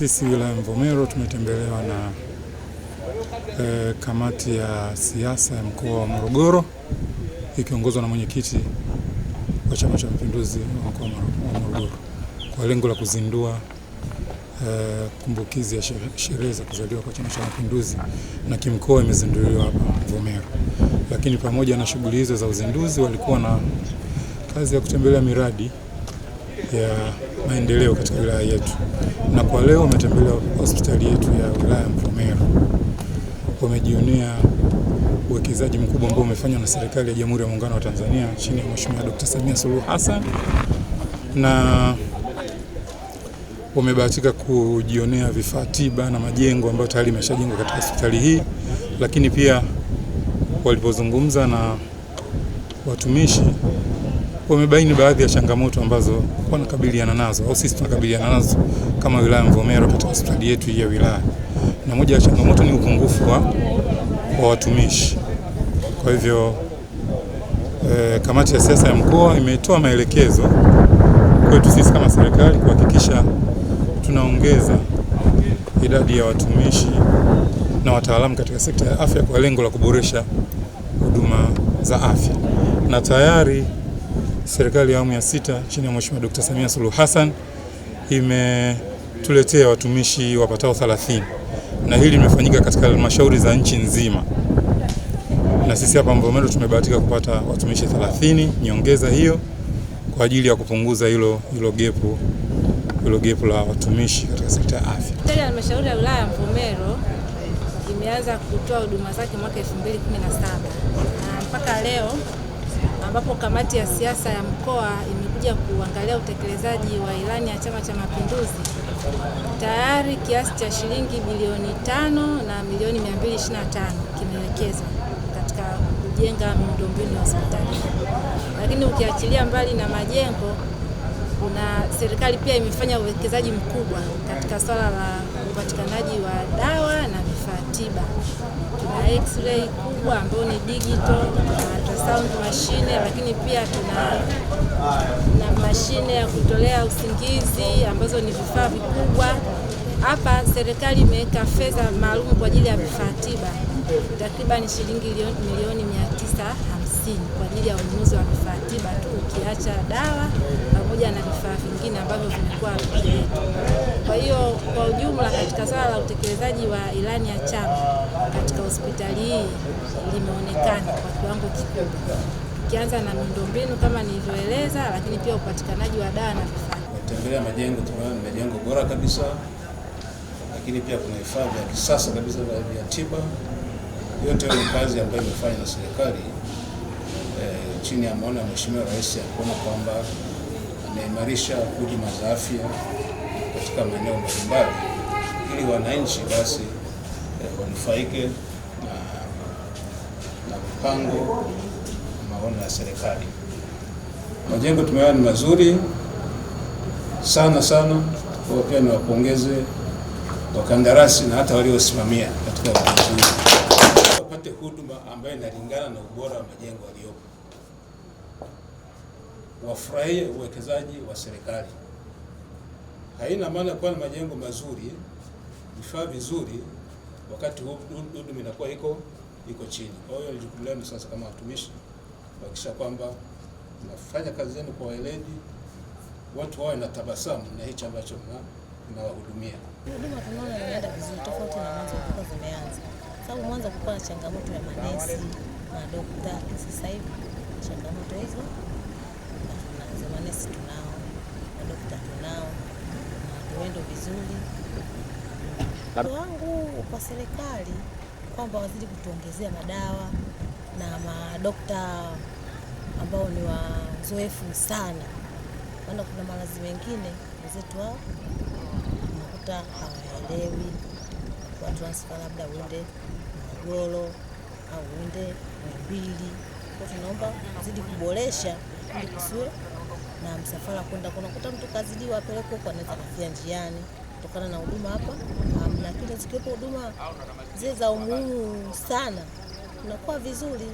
Sisi wilaya Mvomero tumetembelewa na e, kamati ya siasa ya mkoa wa Morogoro ikiongozwa na mwenyekiti wa Chama cha Mapinduzi wa mkoa wa Morogoro kwa lengo la kuzindua e, kumbukizi ya sherehe za kuzaliwa kwa Chama cha Mapinduzi, na kimkoa imezinduliwa hapa Mvomero. Lakini pamoja na shughuli hizo za uzinduzi, walikuwa na kazi ya kutembelea miradi ya maendeleo katika wilaya yetu, na kwa leo wametembelea hospitali yetu ya wilaya Mvomero, wamejionea uwekezaji mkubwa ambao umefanywa na serikali ya Jamhuri ya Muungano wa Tanzania chini ya Mheshimiwa Dr. Samia Suluhu Hassan na wamebahatika kujionea vifaa tiba na majengo ambayo tayari imeshajengwa katika hospitali hii, lakini pia walipozungumza na watumishi wamebaini baadhi ya changamoto ambazo wanakabiliana nazo au sisi tunakabiliana nazo kama wilaya Mvomero katika hospitali yetu hii ya wilaya, na moja ya changamoto ni upungufu wa, wa watumishi. Kwa hivyo e, kamati ya siasa ya mkoa imetoa maelekezo kwetu sisi kama serikali kuhakikisha tunaongeza idadi ya watumishi na wataalamu katika sekta ya afya kwa lengo la kuboresha huduma za afya na tayari serikali ya awamu ya sita chini ya Mheshimiwa Dkt. Samia Suluhu Hassan imetuletea watumishi wapatao 30 na hili limefanyika katika halmashauri za nchi nzima, na sisi hapa Mvomero tumebahatika kupata watumishi 30 nyongeza hiyo kwa ajili ya kupunguza hilo hilo gepu hilo gepu la watumishi katika sekta ya afya. Serikali ya halmashauri ya wilaya ya Mvomero imeanza kutoa huduma zake mwaka 2017 na mpaka leo ambapo kamati ya siasa ya mkoa imekuja kuangalia utekelezaji wa ilani ya Chama cha Mapinduzi, tayari kiasi cha shilingi bilioni tano na milioni 225 kimewekezwa katika kujenga miundombinu ya hospitali, lakini ukiachilia mbali na majengo kuna serikali pia imefanya uwekezaji mkubwa katika swala la upatikanaji wa dawa na tiba. Tuna x-ray kubwa ambayo ni digital, na ultrasound mashine, lakini pia tuna na mashine ya kutolea usingizi ambazo ni vifaa vikubwa. Hapa serikali imeweka fedha maalum kwa ajili ya vifaa tiba takriban shilingi milioni 950 kwa ajili ya ununuzi wa vifaa tiba tu, ukiacha dawa pamoja na vifaa vingine ambavyo vimekuwa vyetu. Kwa hiyo kwa ujumla, katika swala la utekelezaji wa ilani ya chama katika hospitali hii limeonekana kwa kiwango kikubwa, tukianza na miundombinu kama nilivyoeleza, lakini pia upatikanaji wa dawa na vifaa. Tembelea majengo, tumeona ni majengo bora kabisa, lakini pia kuna vifaa vya kisasa kabisa vya tiba. Yote ni kazi ambayo imefanywa na serikali eh, chini ya maono ya Mheshimiwa Rais ya kuona kwamba ameimarisha huduma za afya katika maeneo mbalimbali, ili wananchi basi eh, wanufaike na, na mpango maono ya serikali. Majengo tumeona ni mazuri sana sana, kwa pia niwapongeze wakandarasi na hata waliosimamia katika ujenzi wapate huduma ambayo inalingana na ubora wa majengo yaliyopo, wafurahie uwekezaji wa serikali. Haina maana kuwa na majengo mazuri, vifaa vizuri, wakati huduma inakuwa iko iko chini. Kwa hiyo ni jukumu lenu sasa kama watumishi kuhakikisha kwamba mnafanya kazi zenu kwa weledi, watu wawe na tabasamu na hicho ambacho mnawahudumia. Huduma tunaona inaenda vizuri, tofauti na mwanzo kulikuwa zimeanza, sababu mwanzo kulikuwa na changamoto ya manesi madokta. Sasa hivi changamoto hizo za manesi tunao, madokta tunao mwendo vizuri wangu kwa serikali kwamba wazidi kutuongezea madawa na madokta ambao ni wazoefu sana, maana kuna maradhi mengine wenzetu wao unakuta hawaelewi. Watransfa labda uende Morogoro au uende Muhimbili, kwa tunaomba wazidi kuboresha msiwe na msafara kwenda, kunakuta mtu kazidiwa apeleke huko, anaweza kufia njiani kutokana na huduma hapa hamna, um, lakini zikiwepo huduma zile za umuhimu sana unakuwa vizuri.